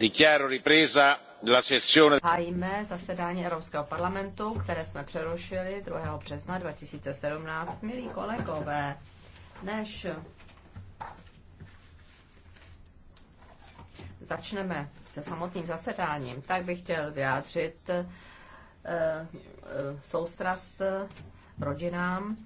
Dichiaro ripresa la sessione. zasedání Evropského parlamentu, které jsme přerušili 2. března 2017. Milí kolegové, než začneme se samotným zasedáním, tak bych chtěl vyjádřit eh, eh, soustrast rodinám